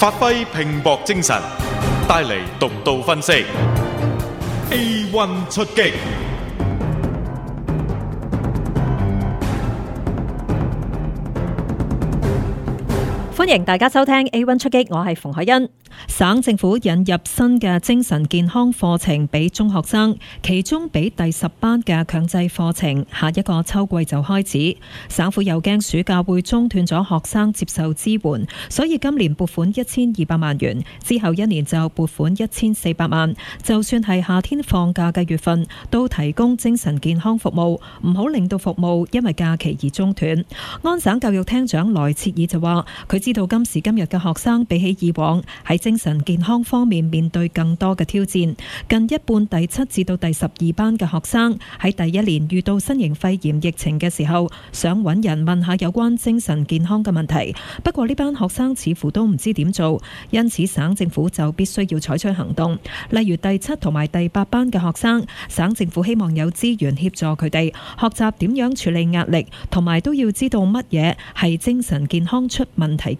發揮拼搏精神，帶嚟獨到分析。A1 出擊。歡迎大家收聽 A One 出擊，我係馮海欣。省政府引入新嘅精神健康課程俾中學生，其中俾第十班嘅強制課程，下一個秋季就開始。省府又驚暑假會中斷咗學生接受支援，所以今年撥款一千二百萬元，之後一年就撥款一千四百萬。就算係夏天放假嘅月份，都提供精神健康服務，唔好令到服務因為假期而中斷。安省教育廳長萊切爾就話：佢知。知道今時今日嘅學生比起以往喺精神健康方面面對更多嘅挑戰，近一半第七至到第十二班嘅學生喺第一年遇到新型肺炎疫情嘅時候，想揾人問下有關精神健康嘅問題。不過呢班學生似乎都唔知點做，因此省政府就必須要採取行動，例如第七同埋第八班嘅學生，省政府希望有資源協助佢哋學習點樣處理壓力，同埋都要知道乜嘢係精神健康出問題。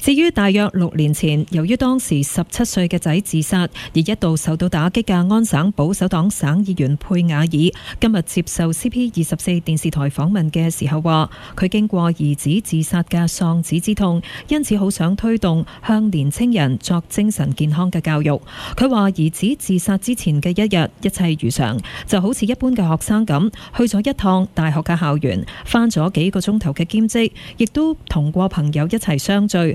至於大約六年前，由於當時十七歲嘅仔自殺而一度受到打擊嘅安省保守黨省議員佩瓦爾，今日接受 CP 二十四電視台訪問嘅時候話，佢經過兒子自殺嘅喪子之痛，因此好想推動向年青人作精神健康嘅教育。佢話，兒子自殺之前嘅一日，一切如常，就好似一般嘅學生咁，去咗一趟大學嘅校園，返咗幾個鐘頭嘅兼職，亦都同過朋友一齊相聚。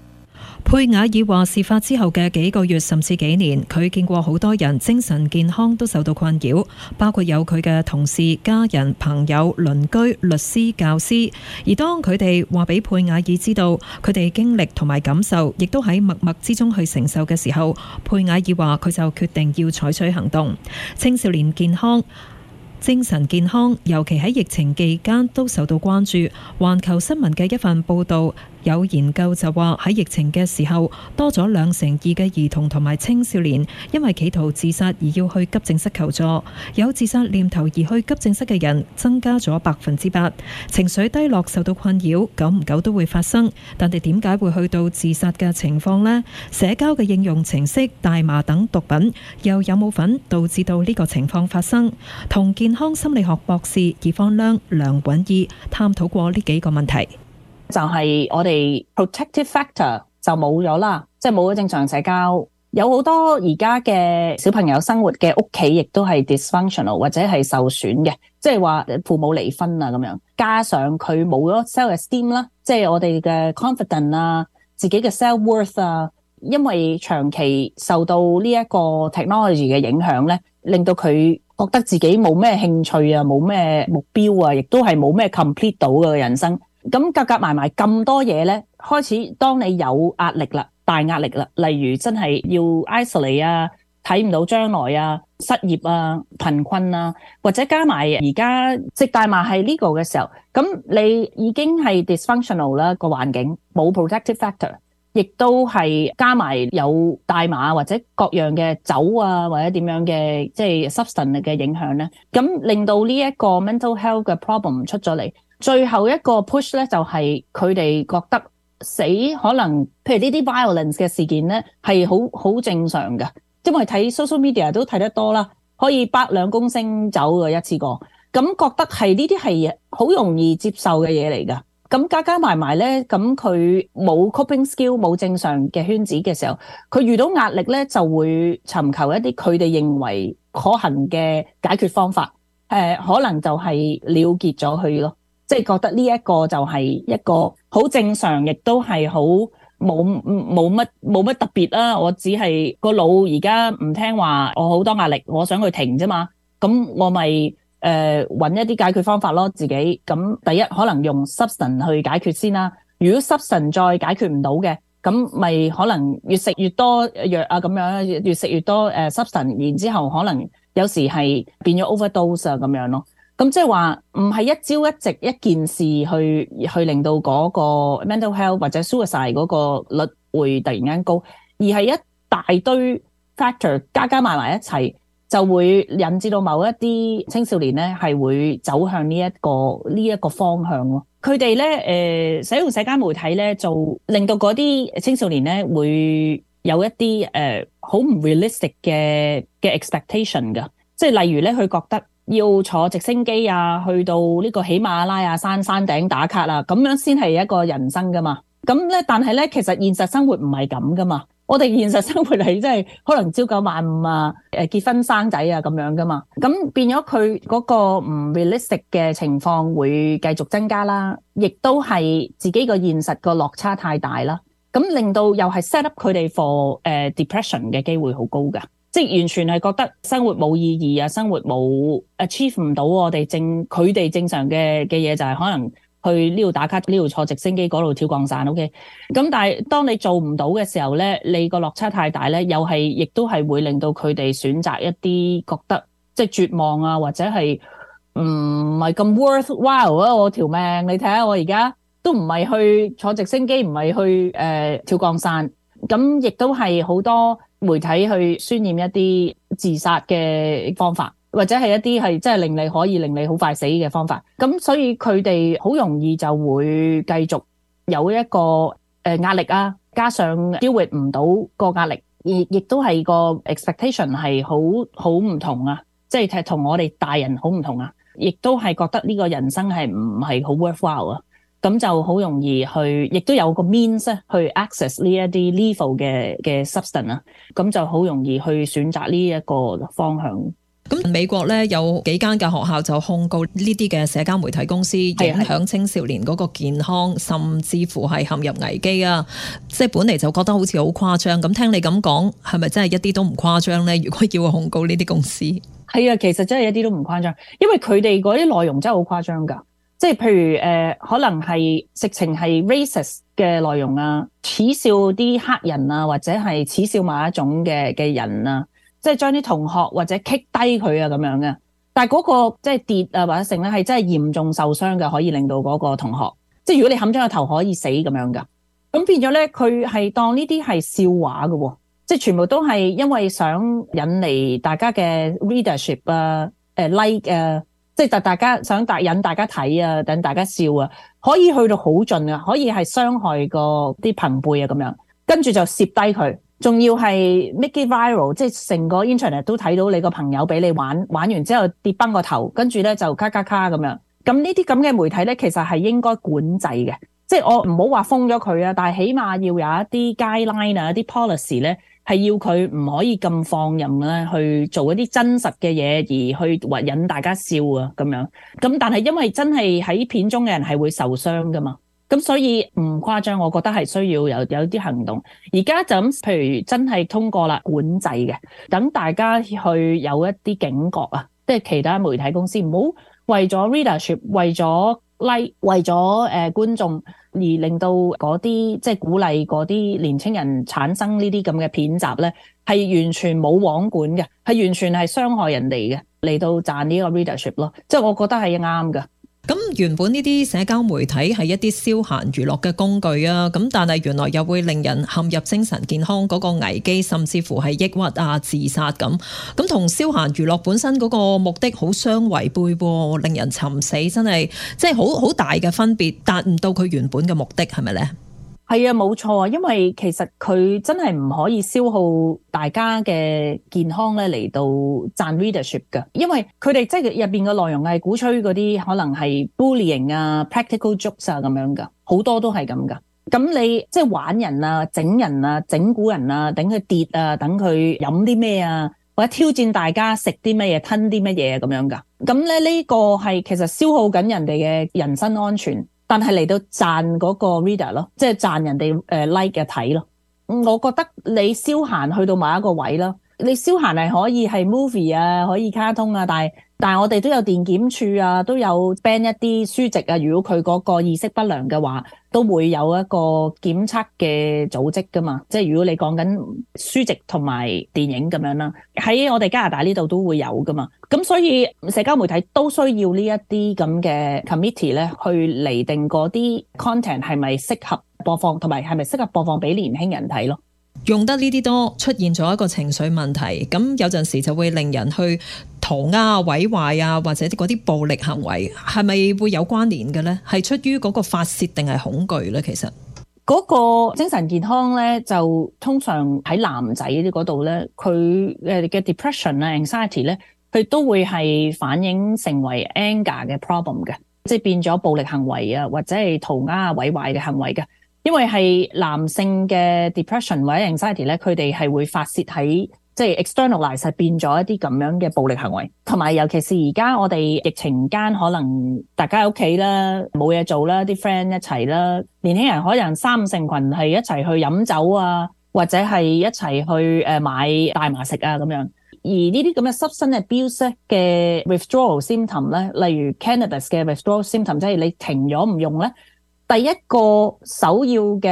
佩瓦爾話：事發之後嘅幾個月，甚至幾年，佢見過好多人精神健康都受到困擾，包括有佢嘅同事、家人、朋友、鄰居、律師、教師。而當佢哋話俾佩瓦爾知道佢哋經歷同埋感受，亦都喺默默之中去承受嘅時候，佩瓦爾話佢就決定要採取行動。青少年健康、精神健康，尤其喺疫情期間都受到關注。環球新聞嘅一份報道。有研究就話喺疫情嘅時候，多咗兩成二嘅兒童同埋青少年因為企圖自殺而要去急症室求助。有自殺念頭而去急症室嘅人增加咗百分之八。情緒低落受到困擾，久唔久都會發生。但係點解會去到自殺嘅情況呢？社交嘅應用程式、大麻等毒品又有冇份導致到呢個情況發生？同健康心理學博士葉方亮梁允義探討過呢幾個問題。就係我哋 protective factor 就冇咗啦，即係冇咗正常社交，有好多而家嘅小朋友生活嘅屋企亦都係 dysfunctional 或者係受損嘅，即係話父母離婚啊咁樣，加上佢冇咗 self esteem 啦，即係我哋嘅 confidence 啊，自己嘅 self worth 啊，因為長期受到呢一個 technology 嘅影響咧，令到佢覺得自己冇咩興趣啊，冇咩目標啊，亦都係冇咩 complete 到嘅人生。咁夾夾埋埋咁多嘢咧，開始當你有壓力啦，大壓力啦，例如真係要 isolate 啊，睇唔到將來啊，失業啊，貧困啊，或者加埋而家即係大麻係呢個嘅時候，咁你已經係 dysfunctional 啦、個環境，冇 protective factor，亦都係加埋有大麻或者各樣嘅酒啊或者點樣嘅即係、就是、substance 嘅影響咧，咁令到呢一個 mental health 嘅 problem 出咗嚟。最後一個 push 咧，就係佢哋覺得死可能，譬如呢啲 violence 嘅事件咧，係好好正常嘅。因為睇 social media 都睇得多啦，可以百兩公升走嘅一次過咁，覺得係呢啲係好容易接受嘅嘢嚟㗎。咁加加埋埋咧，咁佢冇 coping skill，冇正常嘅圈子嘅時候，佢遇到壓力咧就會尋求一啲佢哋認為可行嘅解決方法。呃，可能就係了結咗佢咯。即係覺得呢一個就係一個好正常，亦都係好冇冇乜冇乜特別啦。我只係個腦而家唔聽話，我好多壓力，我想去停啫嘛。咁我咪誒揾一啲解決方法咯，自己。咁第一可能用 substance 去解決先啦。如果 substance 再解決唔到嘅，咁咪可能越食越多藥啊咁樣。越食越多誒 substance，然之後可能有時係變咗 overdose 啊咁樣咯。咁即係話唔係一朝一夕一件事去去令到嗰個 mental health 或者 suicide 嗰個率會突然間高，而係一大堆 factor 加加埋埋一齊，就會引致到某一啲青少年咧係會走向呢一個呢一個方向咯。佢哋咧誒使用社交媒體咧，就令到嗰啲青少年咧會有一啲誒好唔 realistic 嘅嘅 expectation 噶，即係例如咧佢覺得。要坐直升機啊，去到呢個喜馬拉雅山山頂打卡啦，啊，咁樣先係一個人生噶嘛。咁咧，但係咧，其實現實生活唔係咁噶嘛。我哋現實生活係即係可能朝九晚五啊，誒結婚生仔啊咁樣噶嘛。咁變咗佢嗰個唔 realistic 嘅情況會繼續增加啦，亦都係自己個現實個落差太大啦。咁令到又係 set up 佢哋 for 誒 depression 嘅機會好高噶。即完全係覺得生活冇意義啊，生活冇 achieve 唔到我哋正佢哋正常嘅嘅嘢就係可能去呢度打卡，呢度坐直升機，嗰度跳降傘。OK，咁但係當你做唔到嘅時候咧，你個落差太大咧，又係亦都係會令到佢哋選擇一啲覺得即係絕望啊，或者係唔係咁 worthwhile 啊？我條命你睇下，我而家都唔係去坐直升機，唔係去誒、呃、跳降傘，咁亦都係好多。媒體去渲染一啲自殺嘅方法，或者係一啲係即係令你可以令你好快死嘅方法。咁所以佢哋好容易就會繼續有一個誒壓力啊，加上消化唔到個壓力，而亦都係個 expectation 係好好唔同啊。即係同我哋大人好唔同啊，亦都係覺得呢個人生係唔係好 worthwhile 啊。咁就好容易去，亦都有個 means 去 access 呢一啲 level 嘅嘅 substance 啊，咁就好容易去選擇呢一個方向。咁美國咧有幾間嘅學校就控告呢啲嘅社交媒體公司影響青少年嗰個健康，甚至乎係陷入危機啊！即係本嚟就覺得好似好誇張，咁聽你咁講，係咪真係一啲都唔誇張咧？如果要控告呢啲公司，係啊，其實真係一啲都唔誇張，因為佢哋嗰啲內容真係好誇張噶。即係譬如誒、呃，可能係直情係 racist 嘅內容啊，恥笑啲黑人啊，或者係恥笑某一種嘅嘅人啊，即係將啲同學或者 kick 低佢啊咁樣嘅。但係嗰、那個即係跌啊，或者成咧係真係嚴重受傷嘅，可以令到嗰個同學，即係如果你冚咗個頭可以死咁樣噶。咁變咗咧，佢係當呢啲係笑話喎、哦，即係全部都係因為想引嚟大家嘅 readership 啊，誒、啊、like 啊。即係大家想大引大家睇啊，等大家笑啊，可以去到好盡啊，可以係傷害個啲朋輩啊咁樣，跟住就攝低佢，仲要係 make it viral，即係成個 internet 都睇到你個朋友俾你玩玩完之後跌崩個頭，跟住咧就咔咔咔咁樣，咁呢啲咁嘅媒體咧，其實係應該管制嘅，即係我唔好話封咗佢啊，但係起碼要有一啲 guideline 啊，一啲 policy 咧。係要佢唔可以咁放任咧，去做一啲真實嘅嘢，而去引大家笑啊咁樣。咁但係因為真係喺片中嘅人係會受傷噶嘛，咁所以唔誇張，我覺得係需要有有啲行動。而家就咁，譬如真係通過啦管制嘅，等大家去有一啲警覺啊，即係其他媒體公司唔好為咗 readership 為咗。拉為咗誒觀眾而令到嗰啲，即係鼓勵嗰啲年青人產生呢啲咁嘅片集咧，係完全冇網管嘅，係完全係傷害人哋嘅嚟到賺呢個 readership 咯，即係我覺得係啱噶。咁原本呢啲社交媒體係一啲消閒娛樂嘅工具啊，咁但係原來又會令人陷入精神健康嗰個危機，甚至乎係抑鬱啊、自殺咁，咁同消閒娛樂本身嗰個目的好相違背，令人尋死真係，即係好好大嘅分別，達唔到佢原本嘅目的，係咪呢？係啊，冇錯啊，因為其實佢真係唔可以消耗大家嘅健康咧，嚟到賺 readership 噶因為佢哋即係入面邊嘅內容係鼓吹嗰啲可能係 bullying 啊、practical jokes 啊咁樣噶好多都係咁噶咁你即係、就是、玩人啊、整人啊、整蠱人啊、等佢、啊、跌啊、等佢飲啲咩啊，或者挑戰大家食啲乜嘢、吞啲乜嘢咁樣噶咁咧呢、這個係其實消耗緊人哋嘅人身安全。但係嚟到賺嗰個 reader 咯，即係賺人哋 like 嘅睇咯。我覺得你消閒去到某一個位啦，你消閒係可以係 movie 啊，可以卡通啊，但係但係我哋都有電檢處啊，都有 ban 一啲書籍啊，如果佢嗰個意識不良嘅話。都會有一個檢測嘅組織㗎嘛，即係如果你講緊書籍同埋電影咁樣啦，喺我哋加拿大呢度都會有㗎嘛，咁所以社交媒體都需要這這呢一啲咁嘅 committee 咧，去釐定嗰啲 content 係咪適合播放，同埋係咪適合播放俾年輕人睇咯。用得呢啲多，出現咗一個情緒問題，咁有陣時就會令人去塗鴉毀壞啊，或者啲嗰啲暴力行為，係咪會有關聯嘅咧？係出於嗰個發洩定係恐懼咧？其實嗰個精神健康咧，就通常喺男仔嗰度咧，佢誒嘅 depression 啊、anxiety 咧，佢都會係反映成為 anger 嘅 problem 嘅，即係變咗暴力行為啊，或者係塗鴉毀壞嘅行為嘅。因為係男性嘅 depression 或者 anxiety 咧，佢哋係會發泄喺即係 externalize 變咗一啲咁樣嘅暴力行為。同埋尤其是而家我哋疫情間，可能大家喺屋企啦，冇嘢做啦，啲 friend 一齊啦，年輕人可能三五成群係一齊去飲酒啊，或者係一齊去誒買大麻食啊咁樣。而呢啲咁嘅 substance abuse 嘅 withdrawal symptom 咧，例如 cannabis 嘅 withdrawal symptom，即係你停咗唔用咧。第一個首要嘅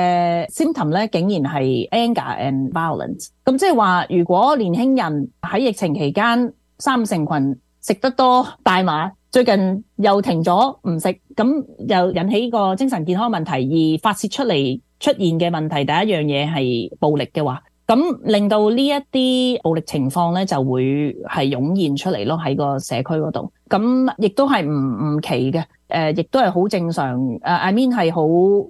symptom 咧，竟然係 anger and violence。咁即係話，如果年輕人喺疫情期間三成羣食得多大麻，最近又停咗唔食，咁又引起個精神健康問題而發泄出嚟出現嘅問題，第一樣嘢係暴力嘅話。咁令到呢一啲暴力情況咧，就會係湧現出嚟咯，喺個社區嗰度。咁亦都係唔唔奇嘅。誒、呃，亦都係好正常。誒、呃、I mean 係好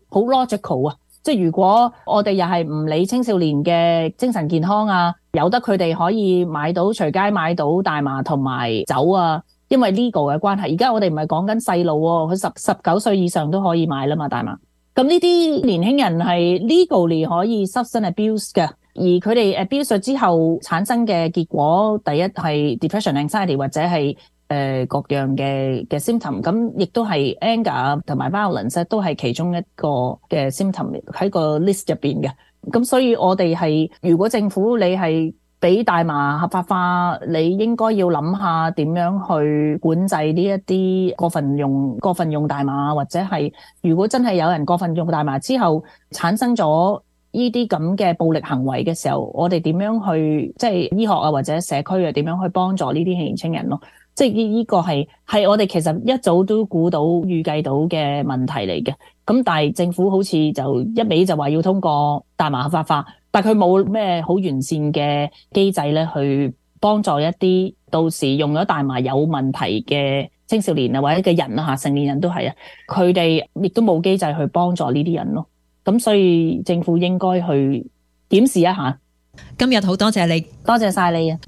好 logical 啊。即係如果我哋又係唔理青少年嘅精神健康啊，由得佢哋可以買到隨街買到大麻同埋酒啊。因為 legal 嘅關係，而家我哋唔係講緊細路喎，佢十十九歲以上都可以買啦嘛大麻。咁呢啲年輕人係 legally 可以 substance abuse 嘅。而佢哋 abuse 之後產生嘅結果，第一係 depression anxiety 或者係誒、呃、各樣嘅嘅 symptom，咁亦都係 anger 同埋 violence 都係其中一個嘅 symptom 喺個 list 入邊嘅。咁所以我哋係如果政府你係俾大麻合法化，你應該要諗下點樣去管制呢一啲過分用過分用大麻，或者係如果真係有人過分用大麻之後產生咗。呢啲咁嘅暴力行為嘅時候，我哋點樣去即係醫學啊，或者社區啊，點樣去幫助呢啲年輕人咯？即係呢呢個係係我哋其實一早都估到、預計到嘅問題嚟嘅。咁但係政府好似就一味就話要通過大麻合法化，但佢冇咩好完善嘅機制咧，去幫助一啲到時用咗大麻有問題嘅青少年啊，或者嘅人啊，吓成年人都係啊，佢哋亦都冇機制去幫助呢啲人咯。咁所以政府應該去檢視一下。今日好多謝你，多謝晒你啊！